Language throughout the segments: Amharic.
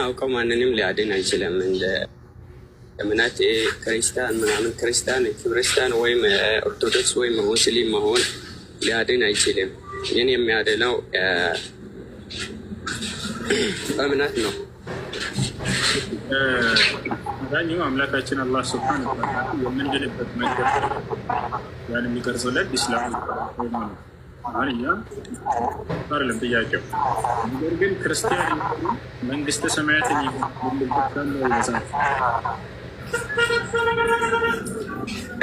አውቀው ማንንም ሊያድን አይችልም። እንደ እምነት ክርስቲያን ምናምን ክርስቲያን ክርስቲያን ወይም ኦርቶዶክስ ወይም ሙስሊም መሆን ሊያድን አይችልም። ይህን የሚያድነው እምነት ነው። ዳኛው አምላካችን አላህ ስብሐነሁ ወተዓላ የምንድንበት መንገድ ያን የሚቀርጽለት ኢስላም ነው። አርያ አይደለም ጥያቄው። ነገር ግን ክርስቲያን መንግስተ ሰማያትን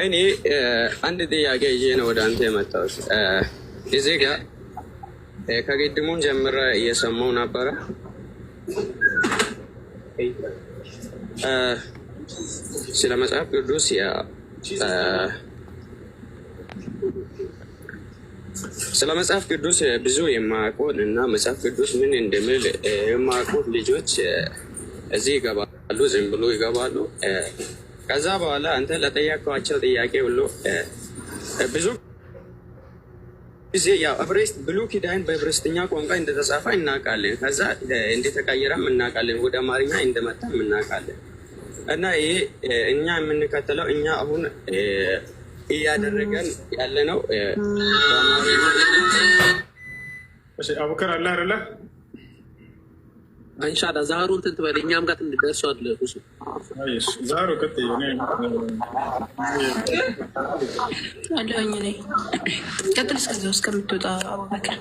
እኔ አንድ ጥያቄ ይዤ ነው ወደ አንተ የመጣሁት። እዚህ ጋር ከግድሙን ጀምረ እየሰማው ነበረ። ስለ መጽሐፍ ቅዱስ ስለ መጽሐፍ ቅዱስ ብዙ የማያውቁን እና መጽሐፍ ቅዱስ ምን እንደምል የማያውቁት ልጆች እዚህ ይገባሉ፣ ዝም ብሎ ይገባሉ። ከዛ በኋላ አንተ ለጠያቀዋቸው ጥያቄ ብሎ ብዙ ጊዜ ያው ብሉ ኪዳይን በእብሬስተኛ ቋንቋ እንደተጻፈ እናውቃለን። ከዛ እንደተቀየረም እናውቃለን። ወደ አማርኛ እንደመጣም እናውቃለን። እና ይሄ እኛ የምንከተለው እኛ አሁን እያደረገን ያለ ነው። አቡከር አለ አለ እንሻላ ዛሩ እንትን ትበል እኛም ጋር ደርሷል። ዛሩ ቀጥል እስከዚያው እስከምትወጣ አቡበከር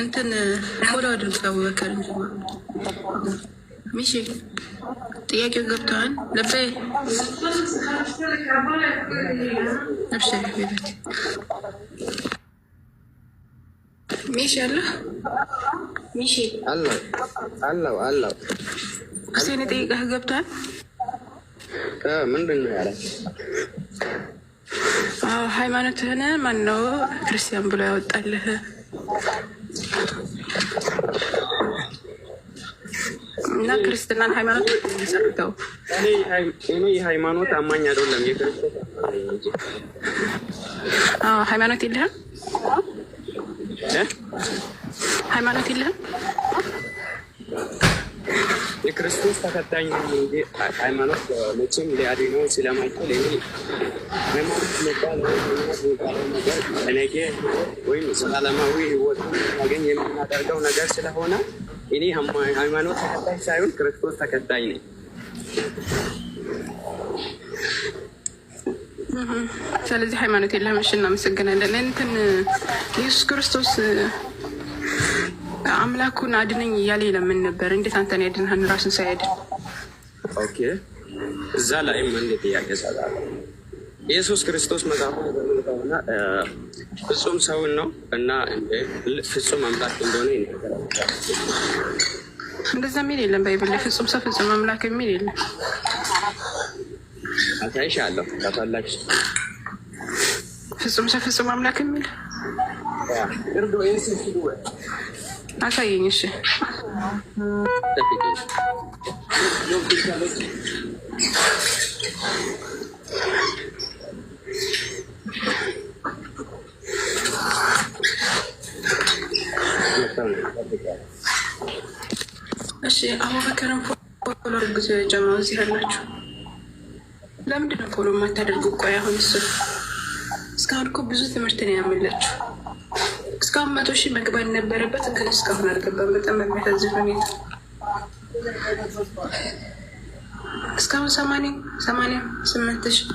እንትን ወደ አድርግ አቡበከር እንጂ ሚሺ ጥያቄው ገብተዋል። ሚሺ ሚሽ አለ ሚሽ አለው አለው አለው ሁሴን የጠየቀህ ገብተዋል። ምንድን ነው ያለ ሃይማኖትህን ማን ነው ክርስቲያን ብሎ ያወጣልህ? እና ክርስትናን ሃይማኖት የሚሰርተው እኔ የሃይማኖት አማኝ አይደለም። ሃይማኖት የለህም፣ ሃይማኖት የለህም። የክርስቶስ ተከታይ ሃይማኖት መቼም ሊያድነው ስለማይችል እኔ ሃይማኖት መባል ነገር ለነገ ወይም ስላለማዊ ህይወት ማገኝ የምናደርገው ነገር ስለሆነ እኔ ሃይማኖት ተከታይ ሳይሆን ክርስቶስ ተከታይ ነኝ። ስለዚህ ሃይማኖት የለህም። እሺ፣ እናመሰግናለን። እንትን ኢየሱስ ክርስቶስ አምላኩን አድነኝ እያለ ለምን ነበር? እንዴት አንተን ያድንህን ራሱን ሳያድን? ኦኬ፣ እዛ ላይም አንድ ጥያቄ ሰላለ ኢየሱስ ክርስቶስ መጽሐፉ ፍጹም ሰውን ነው እና ፍጹም አምላክ እንደሆነ ይነገራል። እንደዛ የሚል የለም ባይብል ላይ ፍጹም ሰው ፍጹም አምላክ የሚል የለም። አሳይሻለሁ ታታላች ፍጹም ሰው ፍጹም አምላክ የሚል አሳየኝ። እሺ እሺ አቡበከርን ፎሎ አድርጉት። ጀማው እዚህ ያላችሁ ለምንድን ነው ፎሎ የማታደርጉ? ቆይ አሁን እሱ እስካሁን እኮ ብዙ ትምህርት ነው ያመለችው። እስካሁን መቶ ሺህ መግባት ነበረበት እንግዲህ እስካሁን አልገባም። በጣም በሚያሳዝን ሁኔታ እስካሁን ሰማንያ ሰማንያ ስምንት ሺህ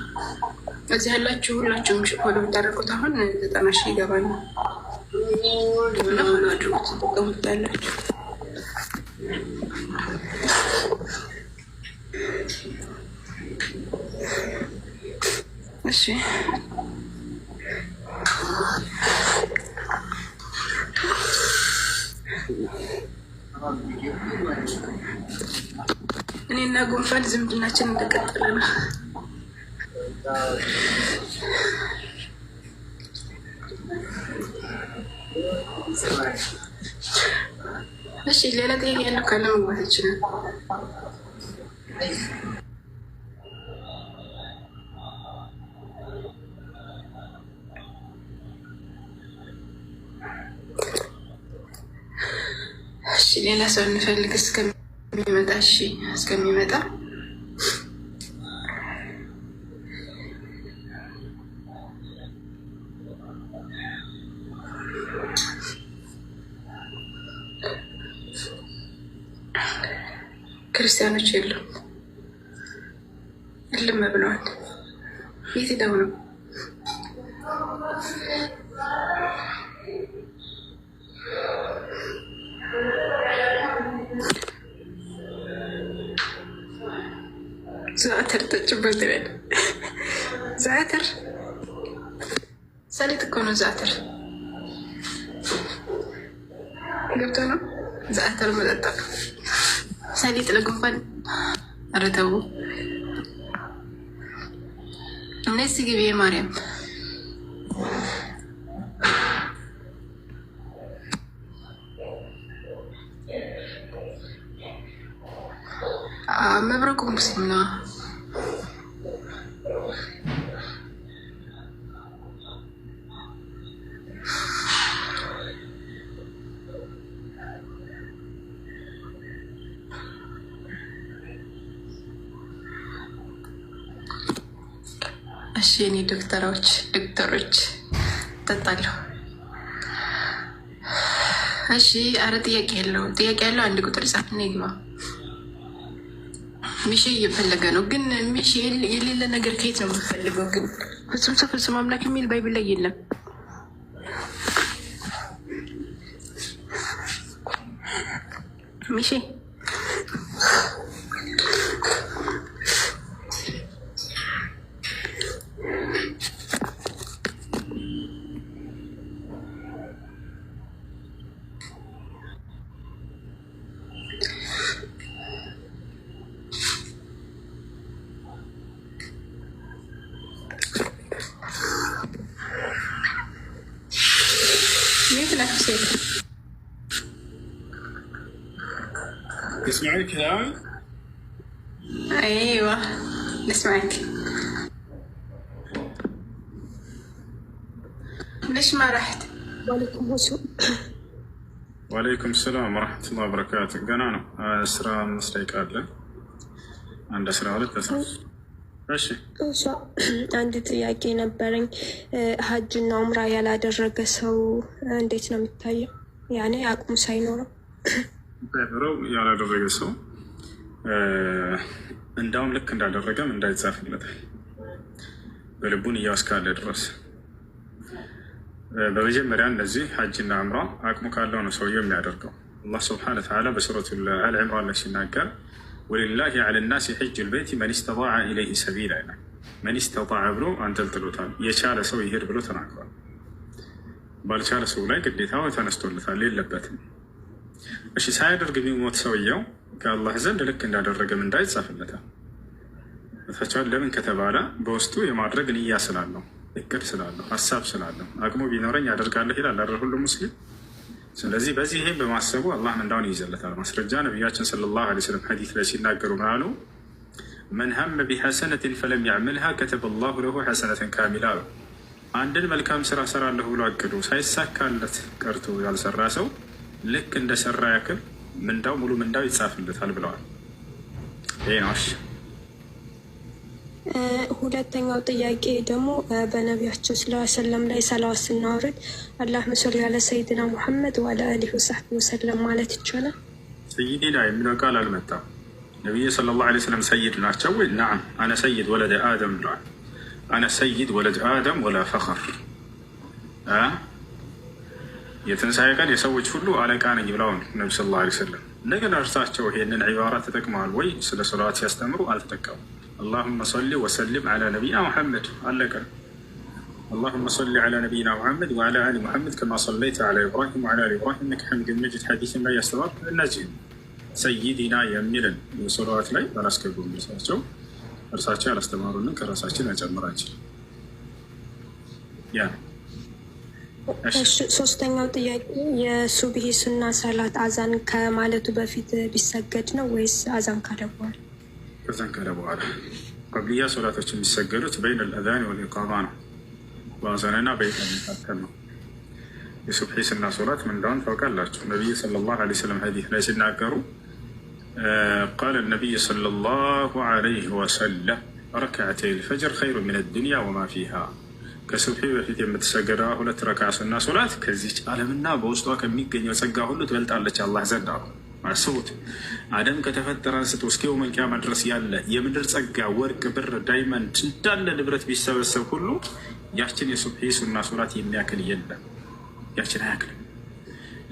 ከዚህ ያላችሁ ሁላችሁም ሽፎን የምታደርጉት አሁን ዘጠና ሺህ ይገባ ነው እና እሺ እኔና ጉንፋን ዝምድናችን እንደቀጠለ ነው። እሺ፣ ሌላ ጥያቄ ያለው ካለ መግባት ይችላል። እሺ፣ ሌላ ሰው እንፈልግ እስከሚመጣ። እሺ፣ እስከሚመጣ ክርስቲያኖች የሉም፣ እልም ብለዋል። የት ሄደው ነው? ዘአተር ጠጭበት ይበል። ዘአተር ሰሊጥ እኮ ነው። ዘአተር ገብቶ ነው ዘአተር መጠጣ ሰሊጥ ለጉንፋን ኧረ ተው። እነስ ግቢ ማርያም መብረቁ ሙስሊም ነዋ። ዶክተሮች ዶክተሮች ጠጣለሁ። እሺ፣ አረ ጥያቄ ያለው ጥያቄ ያለው አንድ ቁጥር ጻፍና ይግባ። ሚሼ እየፈለገ ነው ግን ሚሼ የሌለ ነገር ከየት ነው የምፈልገው? ግን ፍጹም ሰው ፍጹም አምላክ የሚል ባይብል ላይ የለም። ሚሼ لك شيء تسمعين كلامي؟ ايوه نسمعك ليش ما رحت؟ وعليكم السلام وعليكم السلام ورحمة الله وبركاته قنانه آه، أسرى مسليك أدلة عند أسرى ولد አንድ ጥያቄ ነበረኝ። ሀጅና ኡምራ ያላደረገ ሰው እንዴት ነው የሚታየው? ያኔ አቅሙ ሳይኖረው ሳይኖረው ያላደረገ ሰው እንዳውም ልክ እንዳደረገም እንዳይጻፍለታል በልቡን እያስካለ ድረስ። በመጀመሪያ እነዚህ ሀጅና ኡምራ አቅሙ ካለው ነው ሰውየው የሚያደርገው። አላህ ስብሐነ ወተዓላ በሱረቱል አል ላይ ሲናገር ወሊላሂ አለ ናስ የሕጁል በይት መን ስተጣዐ ኢለይህ ሰቢላ ይላል። መን ስተጣዐ ብሎ አንጠልጥሎታል። የቻለ ሰው ይሄድ ብሎ ተናግሯል። ባልቻለ ሰው ላይ ግዴታው ተነስቶለታል፣ የለበትም። እሺ ሳያደርግ የሚሞት ሰውየው ከአላህ ዘንድ ልክ እንዳደረገም እንዳይጻፍለታል ታቸዋል ለምን ከተባለ በውስጡ የማድረግ ንያ ስላለው፣ እቅድ ስላለው፣ ሀሳብ ስላለው አቅሙ ቢኖረኝ ያደርጋለሁ ይላል አይደል ሁሉም ሙስሊም ስለዚህ በዚህ ይህን በማሰቡ አላህ ምንዳውን ይይዘለታል። ማስረጃ ነቢያችን ሰለላሁ ዐለይሂ ወሰለም ሐዲስ ላይ ሲናገሩ ምን አሉ? መን ሀመ ቢሐሰነትን ፈለም ያዕምልሃ ከተበ ላሁ ለሁ ሐሰነትን ካሚላ አሉ። አንድን መልካም ስራ ሰራለሁ ብሎ አቅዶ ሳይሳካለት ቀርቶ ያልሰራ ሰው ልክ እንደሰራ ያክል ምንዳው ሙሉ ምንዳው ይጻፍለታል ብለዋል። ይህ ነው። ሁለተኛው ጥያቄ ደግሞ በነቢያቸው ስለ ሰለም ላይ ሰላዋት ስናወርድ አላህ መሰሉ ያለ ሰይድና ሙሐመድ ዋለ አሊሁ ወሳቢ ወሰለም ማለት ይቻላል? ሰይድ ላይ የሚለው ቃል አልመጣም። ነቢዩ ሰለላሁ ዓለይሂ ወሰለም ሰይድ ናቸው ወይ? ናም አነ ሰይድ ወለደ አደም ብለዋል። አነ ሰይድ ወለድ አደም ወላ ፈኸር። የትንሣኤ ቀን የሰዎች ሁሉ አለቃ ነኝ ብለዋል ነቢ ሰለላሁ ዓለይሂ ወሰለም። እንደገና እርሳቸው ይሄንን ዒባራ ተጠቅመዋል ወይ? ስለ ሰላዋት ሲያስተምሩ አልተጠቀሙም። አላሁመ ሰሊ ወሰልም አላ ነቢና ሙሐመድ አለቀ። አላሁመ ሰሊ አላ ነቢና ሙሐመድ ወአላ አሊ ሙሐመድ ከማ ሰለይተ አላ ኢብራሂም ወአላ አሊ ኢብራሂም ኢነከ ሐሚዱን መጂድ ሐዲስን ላይ ያስተባብ እነዚህ ሰይዲና የሚልን የሰለዋት ላይ አላስገቡም። እርሳቸው እርሳቸው ያላስተማሩንን ከራሳችን ያጨምራችን። ያ ሶስተኛው ጥያቄ የሱብሂ ሱና ሰላት አዛን ከማለቱ በፊት ቢሰገድ ነው ወይስ አዛን ካለ ከዛን ካለ በኋላ ቀብልያ ሶላቶች የሚሰገዱት በይን አልአዛን ወልኢቃማ ነው። በአዛንና በኢቃማ መካከል ነው። የሱብሒ ስና ሶላት ምንዳውን ታውቃላችሁ። ነቢይ ሰለላሁ ዐለይሂ ወሰለም ሐዲስ ላይ ሲናገሩ ቃለ ነቢይ ሰለላሁ ዐለይሂ ወሰለም ረክዓተይ ልፈጅር ኸይሩ ምን ዱንያ ወማ ፊሃ ከሱብሒ በፊት የምትሰገደ ሁለት ረክዓ ስና ሶላት ከዚች ዓለምና በውስጧ ከሚገኘው ጸጋ ሁሉ ትበልጣለች አላህ ዘንድ አሉ። አስቡት አደም ከተፈጠረ አንስቶ እስከ የውመል ቂያማ ድረስ ያለ የምድር ጸጋ ወርቅ፣ ብር፣ ዳይመንድ እንዳለ ንብረት ቢሰበሰብ ሁሉ ያችን የሱብሒ ሱና ሶላት የሚያክል የለም። ያችን አያክልም።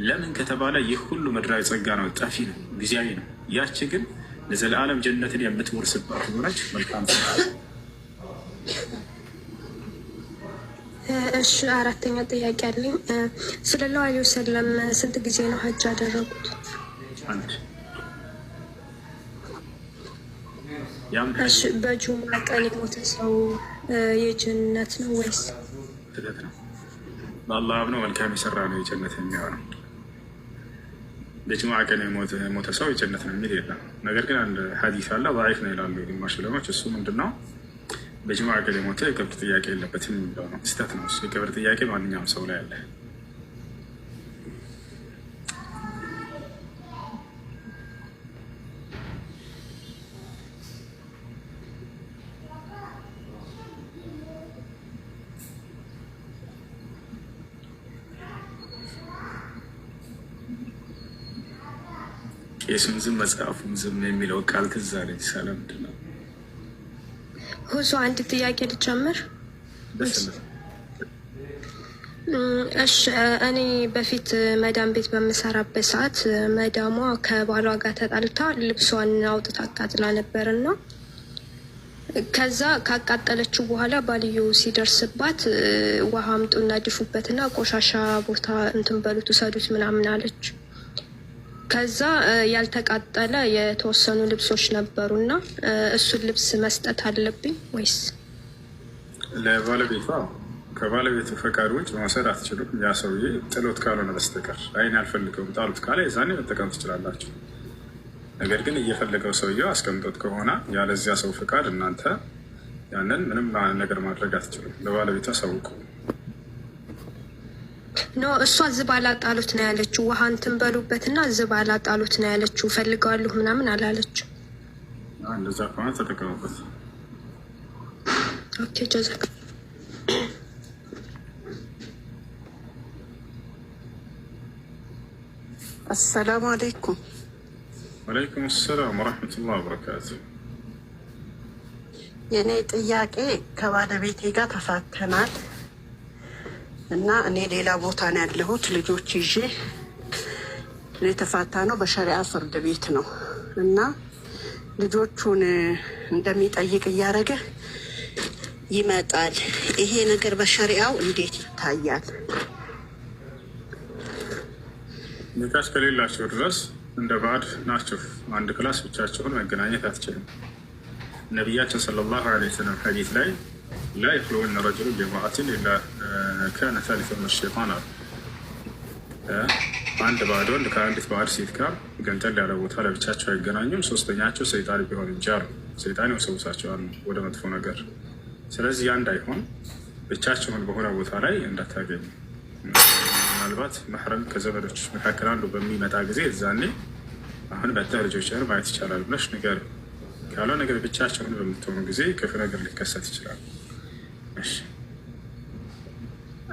ለምን ከተባለ ይህ ሁሉ ምድራዊ ጸጋ ነው፣ ጠፊ ነው፣ ጊዜያዊ ነው። ያች ግን ለዘለዓለም ጀነትን የምትወርስባት ሆነች። መልካም እሺ። አራተኛ ጥያቄ አለኝ። ስለላሁ ዐለይሂ ወሰለም ስንት ጊዜ ነው ሀጅ ያደረጉት? አንድ በጁማ ቀን የሞተ ሰው የጀነት ነው ወይስ ነው? በአላህ አብኖ መልካም የሰራ ነው የጀነት የሚሆነው። በጅማ ቀን የሞተ ሰው የጀነት ነው የሚል የለም። ነገር ግን አንድ ሀዲስ አለ ባይፍ ነው ይላሉ ግማሽ ለሞች እሱ ምንድነው? በጅማ ቀን የሞተ የቀብር ጥያቄ የለበትም የሚለው ነው። ስህተት ነው። የቀብር ጥያቄ ማንኛውም ሰው ላይ አለ። ቄሱም ዝም መጽሐፉም ዝም የሚለው ቃል ትዝ አለኝ። ስለምንድን ነው ሁሱ? አንድ ጥያቄ ልጨምር። እሺ እኔ በፊት መዳም ቤት በምሰራበት ሰዓት መዳሟ ከባሏ ጋር ተጣልታ ልብሷን አውጥታ አቃጥላ ነበርና ከዛ ካቃጠለችው በኋላ ባልዮ ሲደርስባት ውሃ አምጡና ድፉበትና ቆሻሻ ቦታ እንትን በሉት ውሰዱት ምናምን አለች። ከዛ ያልተቃጠለ የተወሰኑ ልብሶች ነበሩ እና እሱን ልብስ መስጠት አለብኝ ወይስ ለባለቤቷ? ከባለቤቱ ፈቃድ ውጭ መውሰድ አትችሉም። ያ ሰውዬ ጥሎት ካልሆነ በስተቀር አይን ያልፈልገውም ጣሉት ካለ የዛኔ መጠቀም ትችላላችሁ። ነገር ግን እየፈለገው ሰውየው አስቀምጦት ከሆነ ያለዚያ ሰው ፈቃድ እናንተ ያንን ምንም ነገር ማድረግ አትችሉም። ለባለቤቷ ሰውቁ። ኖ እሷ ዝባላ ጣሉት ነው ያለችው። ውሃ እንትን በሉበት እና ዝባላ ጣሉት ነው ያለችው። ፈልገዋለሁ ምናምን አላለችው። እንደዛ ከሆነ ተጠቀሙበት። ኦኬ ጀዛክ አሰላሙ አለይኩም። ወአለይኩም ሰላም ወረሕመቱላህ ወበረካቱ። የእኔ ጥያቄ ከባለቤቴ ጋር ተፋተናል። እና እኔ ሌላ ቦታ ነው ያለሁት። ልጆች ይዤ የተፋታ ነው በሸሪያ ፍርድ ቤት ነው እና ልጆቹን እንደሚጠይቅ እያደረገ ይመጣል። ይሄ ነገር በሸሪያው እንዴት ይታያል? ኒካህ እስከሌላቸው ድረስ እንደ ባዕድ ናቸው። አንድ ክላስ ብቻቸውን መገናኘት አትችልም። ነቢያችን ሰለላሁ ዐለይሂ ወሰለም ሐዲስ ላይ ላ የክሎውን ረጅሉ ጀማአትን ላ ካነ ሰሊፈ ሚነ ሸይጣን አሉ። አንድ ባዕድ ወንድ ከአንዲት ባዕድ ሴት ጋር ገንጠል ያለ ቦታ ለብቻቸው አይገናኙም፣ ሶስተኛቸው ሰይጣን ቢሆን እንጂ አሉ። ሰይጣን ይወሰውሳቸዋል ወደ መጥፎ ነገር። ስለዚህ ያ እንዳይሆን ብቻቸውን በሆነ ቦታ ላይ እንዳታገኙ፣ ምናልባት መሕረም ከዘመዶች መካከል አንዱ በሚመጣ ጊዜ እዛኔ አሁን በተህ ልጆችህን ማየት ይቻላል ብለሽ ንገር። ካልሆነ ነገር ብቻቸውን በምትሆኑ ጊዜ ክፉ ነገር ሊከሰት ይችላል።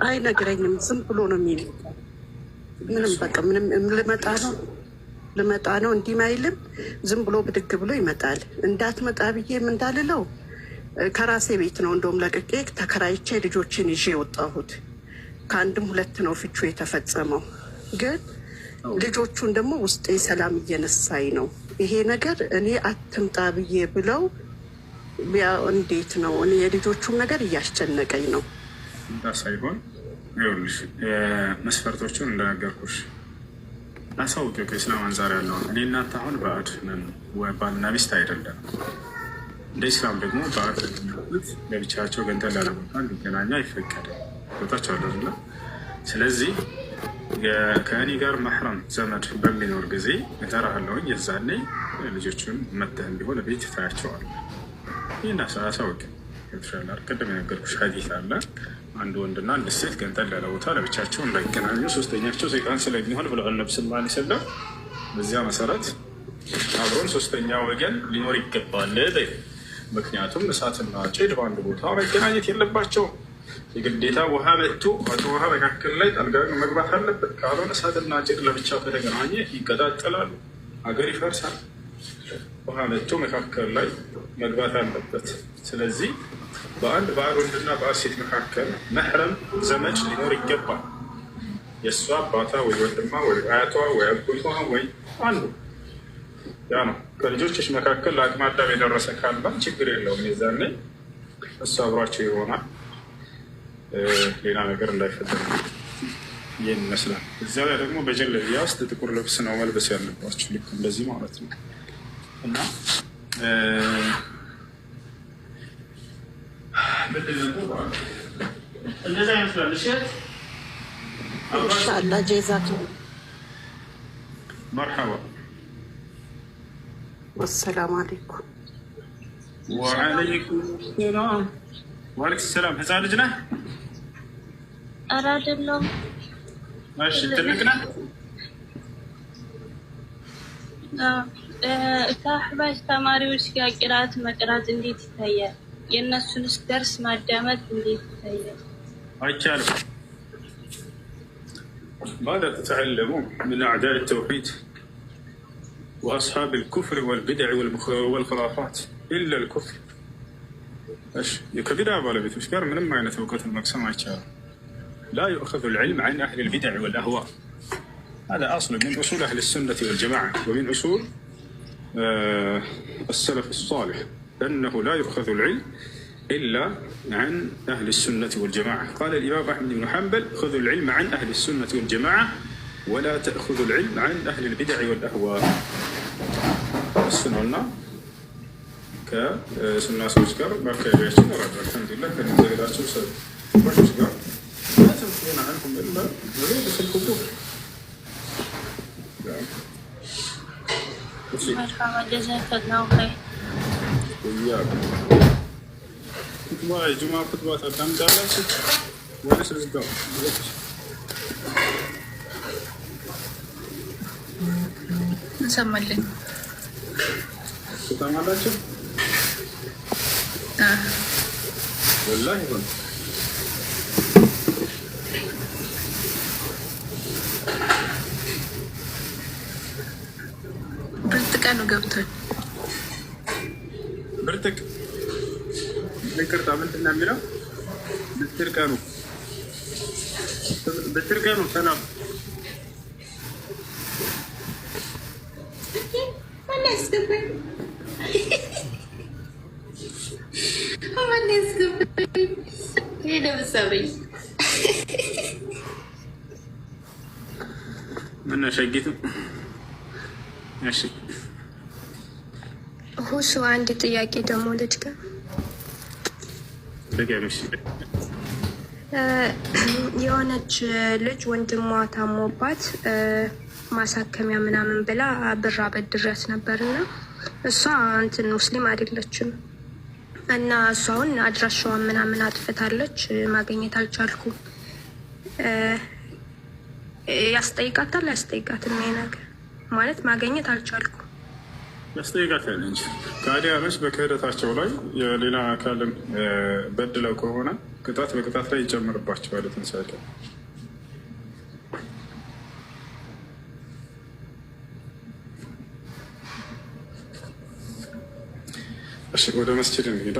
አይነግረኝም። ዝም ብሎ ነው የሚል ምንም በቃ ምንም ልመጣ ነው ልመጣ ነው እንዲህ አይልም። ዝም ብሎ ብድግ ብሎ ይመጣል። እንዳትመጣ ብዬም እንዳልለው ከራሴ ቤት ነው እንደውም ለቅቄ ተከራይቼ ልጆችን ይዤ የወጣሁት። ከአንድም ሁለት ነው ፍቹ የተፈጸመው። ግን ልጆቹን ደግሞ ውስጤ ሰላም እየነሳኝ ነው። ይሄ ነገር እኔ አትምጣ ብዬ ብለው እንዴት ነው እኔ የልጆቹም ነገር እያስጨነቀኝ ነው። ዳ ሳይሆን ይኸውልሽ መስፈርቶችን እንደነገርኩሽ አሳውቅ ከእስላም አንጻር ያለው እኔ እናንተ አሁን በአድ ባልና ሚስት አይደለም። እንደ ኢስላም ደግሞ በአድ ት ለብቻቸው ገንተን ላለቦታ ሊገናኛ አይፈቀድም። ቦታቸው አለ። ስለዚህ ከእኔ ጋር ማህረም ዘመድ በሚኖር ጊዜ እጠራሃለሁኝ። የዛኔ ልጆቹን መተህም ቢሆን ቤት ታያቸዋል። ይህና ሰዓት ትላል። ቅድም የነገርኩሽ ሀዲት አለ አንድ ወንድና አንድ ሴት ገንጠል ያለ ቦታ ለብቻቸው እንዳይገናኙ ሶስተኛቸው ሰይጣን ስለሚሆን ብለዋል ነቢ ሰለላሁ ዐለይሂ በዚያ መሰረት አብሮን ሶስተኛ ወገን ሊኖር ይገባል። ምክንያቱም እሳትና ጭድ በአንድ ቦታ መገናኘት የለባቸውም። የግዴታ ውሃ መጥቶ ውሃ መካከል ላይ ጠልጋ መግባት አለበት። ካልሆነ እሳትና ጭድ ለብቻ ከተገናኘ ይቀጣጠላሉ፣ ሀገር ይፈርሳል። ውሃ መጥቶ መካከል ላይ መግባት አለበት። ስለዚህ በአንድ በአንድ ወንድና በአንድ ሴት መካከል መሕረም ዘመድ ሊኖር ይገባል። የእሷ አባቷ ወይ ወንድሟ ወይ አያቷ ወይ አጎቷ ወይ አንዱ ያ ነው። ከልጆችሽ መካከል ለአቅመ አዳም የደረሰ ካለ ችግር የለውም። የዛኔ እሱ አብሯቸው ይሆናል። ሌላ ነገር እንዳይፈጠር ይህን ይመስላል። እዚያ ላይ ደግሞ በጀለቢያ ውስጥ ጥቁር ልብስ ነው መልበስ ያለባቸው፣ ልክ እንደዚህ ማለት ነው እና እንደዛ ይመስላል። እሸት ኢንሻአላህ ሰላም። ህፃን ልጅ ነህ? ኧረ አይደለም። እሺ ትልቅ ነህ? ከአሕባሽ ተማሪዎች ጋር ቅራት መቅራት እንዴት ይታያል? የእነሱንስ ደርስ ማዳመጥ እንዴት ይታያል? አይቻልም። ماذا تتعلمون من أعداء التوحيد وأصحاب الكفر والبدع والخرافات إلا الكفر እሺ የከቢዳ ባለቤቶች من ምንም አይነት እውቀትን መቅሰም አይቻልም። ላ ዩእኸዙ ልዕልም ዐን አህል ልቢድዕ ወልአህዋ هذا أصل من أصول أهل السنة والجماعة ومن أصول السلف الصالح أنه لا يؤخذ العلم إلا عن أهل السنة والجماعة قال الإمام أحمد بن حنبل خذوا العلم عن أهل السنة والجماعة ولا تأخذوا العلم عن أهل البدع والأهواء وصلنا ከስና ሰዎች ጋር በአካባቢያችን ራቅ አልሐምዱሊላህ لا تنفينا عنهم إلا አንኩም ላ በሰልኩ مرحبا جزاك الله خير የጁማ ኹጥባ እንሰማለን። ትሰማላችሁ? ወላሂ ብትርቀኑ ብትርቀኑ ሰላም ምነው ሸጊቱ ሁሱ አንድ ጥያቄ ደግሞ ልጅ የሆነች ልጅ ወንድሟ ታሞባት ማሳከሚያ ምናምን ብላ ብር አበድሬያት ነበር እና እሷ እንትን ሙስሊም አይደለችም እና እሷውን አድራሻዋን ምናምን አጥፍታለች። ማግኘት አልቻልኩ። ያስጠይቃታል ያስጠይቃትም ይሄ ነገር ማለት ማግኘት አልቻልኩም። ያስጠይቃታል እንጂ ታዲያ ከአዲያኖች በክህደታቸው ላይ የሌላ አካልን በድለው ከሆነ ቅጣት በቅጣት ላይ ይጨምርባቸዋል ትንሳኤ ወደ መስጅድ እንሄዳ